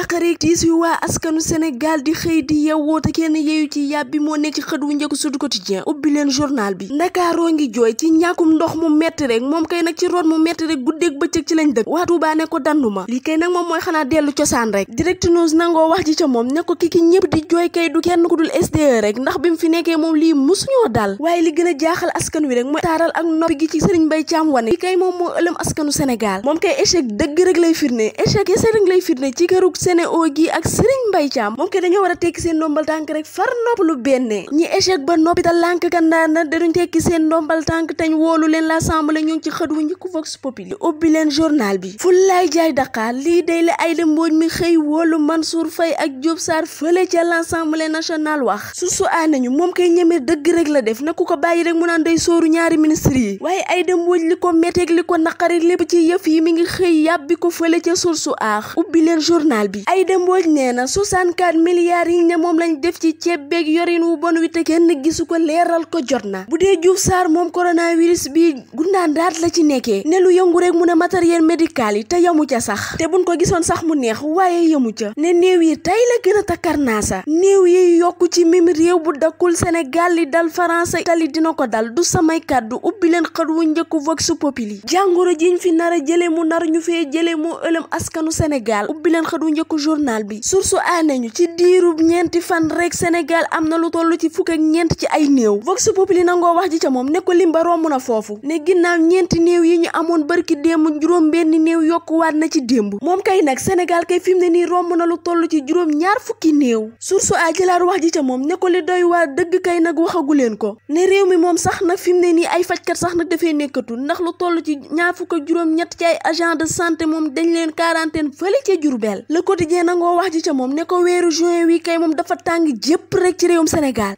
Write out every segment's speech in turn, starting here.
njàqareeg tiis yu waa askanu Sénégal di xëy di yeewoo te kenn yeeyu ci yàb bi moo nekk ci xët wu njëkk Sud Quotidien ubbi leen journal bi Ndakaaroo ngi jooy ci ñàkkum ndox mu metti rek moom kay nag ci root mu metti rek guddeeg bëccëg ci lañ dëkk waa Tuubaa ko danduma lii kay nag moom mooy xanaa dellu cosaan rek Direct News nangoo wax ji ca moom ne ko ki ñëpp di jooy kay du kenn ku dul SDE rek ndax bi mu fi nekkee moom lii musuñoo dal waaye li gën a jaaxal askan wi rek mooy taaral ak noppi gi ci Serigne Mbaye Thiam wane li kay moom moo ëlëm askanu senegal moom kay échec dëgg rek lay firnde échec kese rek lay firnde ci kërug Sen'Eau gi ak Serigne Mbaye Thiam moom war a tekki seen ndombal tànk rek far noppalu bennee ñi échec ba noppi te lànk kandaana dañuñ tekki seen ndombal tànk tañ wóolu leen l'Assemblée ñu ngi ci xët wu njëkk Vox Populi ubbi leen journal bi fu laay jaay Dakar lii day la ay dembooj mi xëy man Mansour Faye ak Diop Sarr fële ca l'Assemblée national wax su su aanañu moom kay ñemee dëgg rek la def na ku ko bàyyi rek mu naan dey sooru ñaari ministre yi waaye ay dem dembooj li ko metteeg li ko naqari lépp ci yëf yi mi ngi xëy yàbbi ko fële ca source aax ubbi leen journal bi ay Aïda nee na 64 milliards yi ne moom lañ def ci ceeb beeg yorin wu bon wi te kenn gisu ko leeral ko jot na bu dee Diouf saar moom coronavirus bi gundaan daat la ci nekkee ne lu yëngu rek mu ne matériel médical yi te yamu ca sax te buñ ko gisoon sax mu neex waaye yamu ca ne néew yi tey la gën a takkar naa sa néew yi yokk ci mim réew bu dakkul Sénégal li dal France Italie dina ko dal du samay kàddu ubbi leen xët wu njëkku vox populi jàngoro jiñ fi nar a jële mu nar ñu fee jële moo ëlëm askanu Sénégal ubbi leen xët wu yokk journal bi source a nañu ci diirub ñeenti fan rek Sénégal am na lu tollu ci fukk ak ñeent ci ay néew vox populi nangoo wax ji ca moom ne ko limba romb na foofu ne ginnaaw ñeenti néew yi ñu amoon barki démb juróom benn néew yokkuwaat na ci démb moom kay nag Sénégal kay fi mu ne nii romb na lu toll ci juróom ñaar fukki néew source a jëlaat wax ji ca moom ne li doy waa dëgg kay nag waxagu leen ko ne réew mi moom sax na fi mu ne nii ay fajkat sax nag dafay nekkatul ndax lu toll ci ñaar fukk ak juróom ñett de santé moom dañ leen quarantaine fële ca Jurbel quotidien nangoo wax ji ca moom ne ko weeru juin wi kay moom dafa tàng jëpp rek ci réewum Sénégal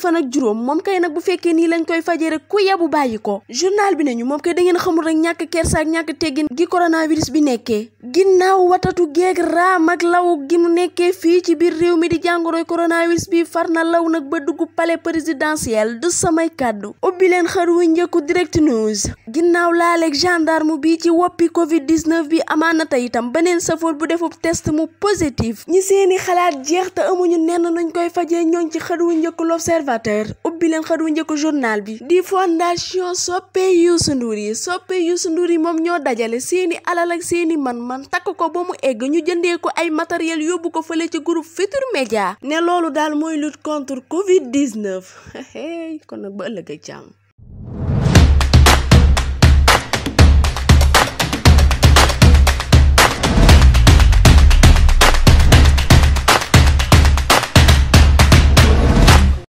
fan ak juróom moom kay bu fekkee nii lañ koy fajee rek ku yebu bàyyi ko journal bi nañu moom kay da ngeen xamul rek ñàkk kersa ak ñàkk teggin gi coronavirus bi nekkee ginnaaw watatu geeg raam ak law gi mu nekkee fii ci biir réew mi di jàngoroy coronavirus bi far na law nag ba dugg palais présidentiel du samay kàddu ubbi leen xar wu njëkku direct news ginnaaw laaleeg gendarme bi ci woppi covid 19 bi amaana tey itam beneen safoor bu defub test mu positif ñi seeni xalaat jeex te amuñu nenn nañ koy fajee ñooñ ci xët wu njëkk l'observateur ubbi leen wu njëkk journal bi di fondation soppe Youssou nduur yi soppe Youssou Ndour yi moom ñoo dajale seeni alal ak seeni man-man takk ko ba mu egg ñu jëndee ko ay matériel yóbbu ko fële ci groupe Futurs Médias ne loolu daal mooy lutte contre Covid 19 kon nag ba ëllëg ak jàmm